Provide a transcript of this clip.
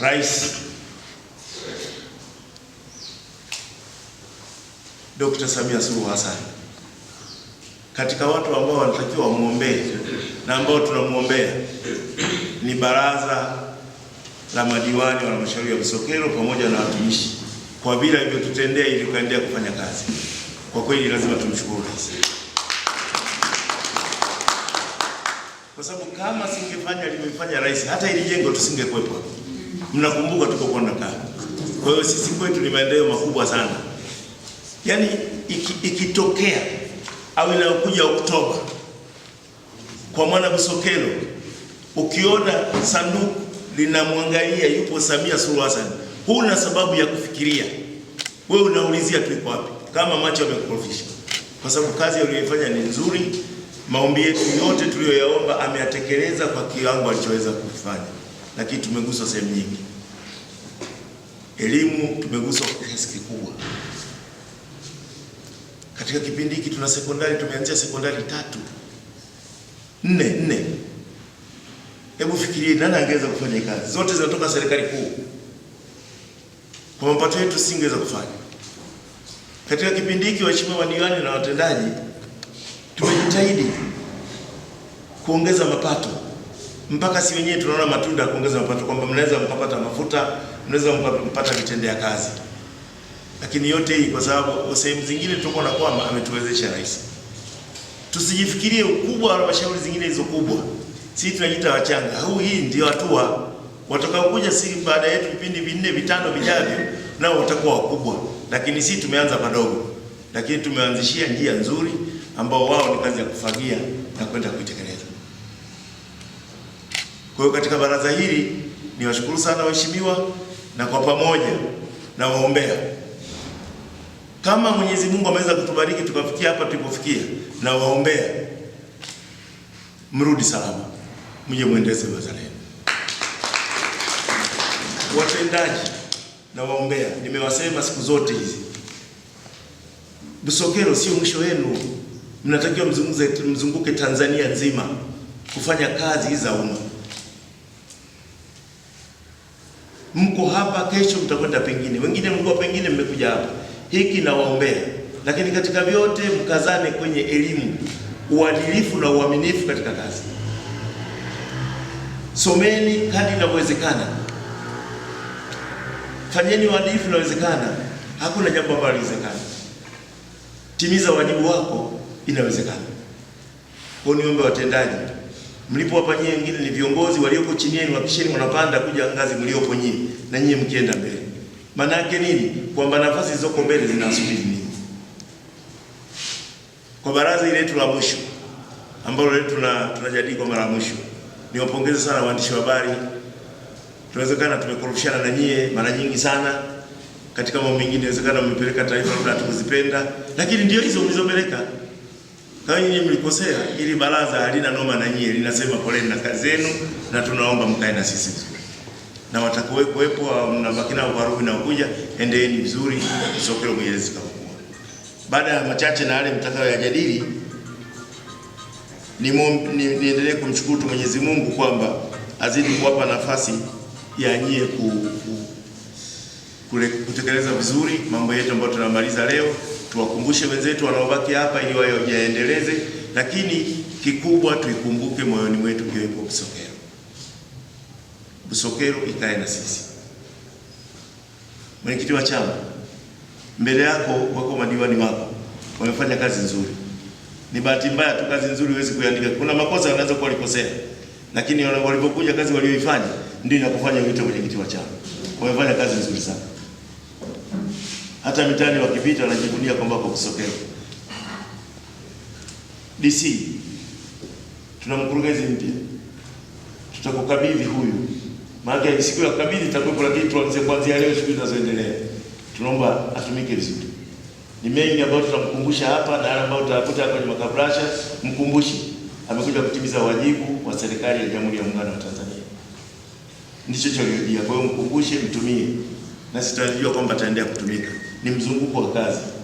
Rais Dr. Samia Suluhu Hassan katika watu ambao wanatakiwa wamwombee na ambao tunamwombea ni baraza la madiwani wa halmashauri ya Busokelo pamoja na watumishi kwa vile alivyotutendea ili kuendelea kufanya kazi. Kwa kweli lazima tumshukuru rais, kwa sababu kama singefanya alivyofanya rais, hata ili jengo tusingekwepo mnakumbuka tuko nakaa. Kwa hiyo sisi kwetu ni maendeleo makubwa sana, yaani ikitokea iki au inayokuja Oktoba kwa mwana Busokelo, ukiona sanduku linamwangalia yupo Samia Suluhu Hassan, huna sababu ya kufikiria, wewe unaulizia tuko wapi, kama macho yamekufisha, kwa sababu kazi aliyoifanya ni nzuri. Maombi yetu yote tuliyoyaomba ameyatekeleza kwa kiwango alichoweza kufanya lakini tumeguswa sehemu nyingi. Elimu tumeguswa kwa kiasi kikubwa. Katika kipindi hiki tuna sekondari, tumeanzia sekondari tatu nne nne. Hebu fikirie nani angeweza kufanya kazi zote, zinatoka serikali kuu. Kwa mapato yetu singeweza kufanya. Katika kipindi hiki, waheshimiwa madiwani na watendaji, tumejitahidi kuongeza mapato mpaka si wenyewe tunaona matunda ya kuongeza mapato, kwamba mnaweza mkapata mafuta, mnaweza mkapata vitendea kazi. Lakini yote hii kwa sababu sehemu zingine tutakuwa na kwamba ametuwezesha rais. Tusijifikirie ukubwa wa halmashauri zingine hizo kubwa, sisi tunajiita wachanga. Huu hii ndio hatua, watakaokuja si baada yetu vipindi vinne vitano vijavyo, nao watakuwa wakubwa, lakini sisi tumeanza madogo, lakini tumeanzishia njia nzuri ambao wao ni kazi ya kufagia na kwenda kuitekeleza. Kwa hiyo katika baraza hili niwashukuru sana waheshimiwa, na kwa pamoja na waombea kama Mwenyezi Mungu ameweza kutubariki tukafikia hapa tulipofikia, na waombea mrudi salama, mje muendeze baraza Watendaji na waombea, nimewasema siku zote hizi, Busokelo sio mwisho wenu, mnatakiwa mzunguke Tanzania nzima kufanya kazi za umma. mko hapa, kesho mtakwenda pengine, wengine mko pengine, mmekuja hapa hiki, nawaombea. Lakini katika vyote mkazane kwenye elimu, uadilifu na uaminifu katika kazi. Someni kadri inavyowezekana, fanyeni uadilifu inawezekana. Hakuna jambo ambalo linawezekana. Timiza wajibu wako, inawezekana. Kwa niombe watendaji mlipo hapa nyinyi wengine ni viongozi walioko chini yenu, wapisheni wanapanda kuja ngazi mliopo nyinyi, na nyinyi mkienda mbele. Maana yake nini? Kwamba nafasi zilizoko mbele zinasubiri nini? Kwa baraza ile letu la mwisho ambalo leo tuna tunajadili kwa mara ya mwisho, niwapongeze sana waandishi wa habari. Tunawezekana tumekorofishana na nyie mara nyingi sana katika mambo mengine, inawezekana mmepeleka taarifa labda tukuzipenda, lakini ndio hizo mlizopeleka na nyinyi mlikosea, ili baraza halina noma na nyie, linasema poleni na kazi zenu, na tunaomba mkae na sisi vizuri, na watakaokuwepo mnabaki nao Ukarubi na Unguja, endeeni vizuri, sokelo Mwenyezi kakuwa. Baada ya machache na yale mtakayoyajadili, niendelee kumshukuru Mwenyezi Mungu kwamba azidi kuwapa nafasi ya nyie ku, ku, kutekeleza vizuri mambo yetu ambayo tunamaliza leo tuwakumbushe wenzetu wanaobaki hapa ili wao wajaendeleze, lakini kikubwa tuikumbuke moyoni mwetu kiwepo Busokelo. Busokelo ikae na sisi. Mwenyekiti wa chama, mbele yako wako madiwani wako wamefanya kazi nzuri. Ni bahati mbaya tu, kazi nzuri huwezi kuiandika. Kuna makosa wanaweza kuwa walikosea, lakini walipokuja kazi walioifanya ndio inakufanya uite mwenyekiti wa chama. Wamefanya kazi nzuri sana hata mitaani wakipita wanajivunia kwamba kwa Busokelo. DC tuna mkurugenzi mpya, tutakukabidhi huyu, maana siku ya kabidhi itakuwepo, lakini tuanze kuanzia leo siku zinazoendelea. Tunaomba atumike vizuri. Ni mengi ambayo tutamkumbusha hapa na yale ambayo tutakuta kwenye makabrasha. Mkumbushi amekuja kutimiza wajibu wa serikali ya Jamhuri ya Muungano wa Tanzania, ndicho chaliojia. Kwa hiyo mkumbushe, mtumie, na sitajua kwamba ataendelea kutumika ni mzunguko wa kazi.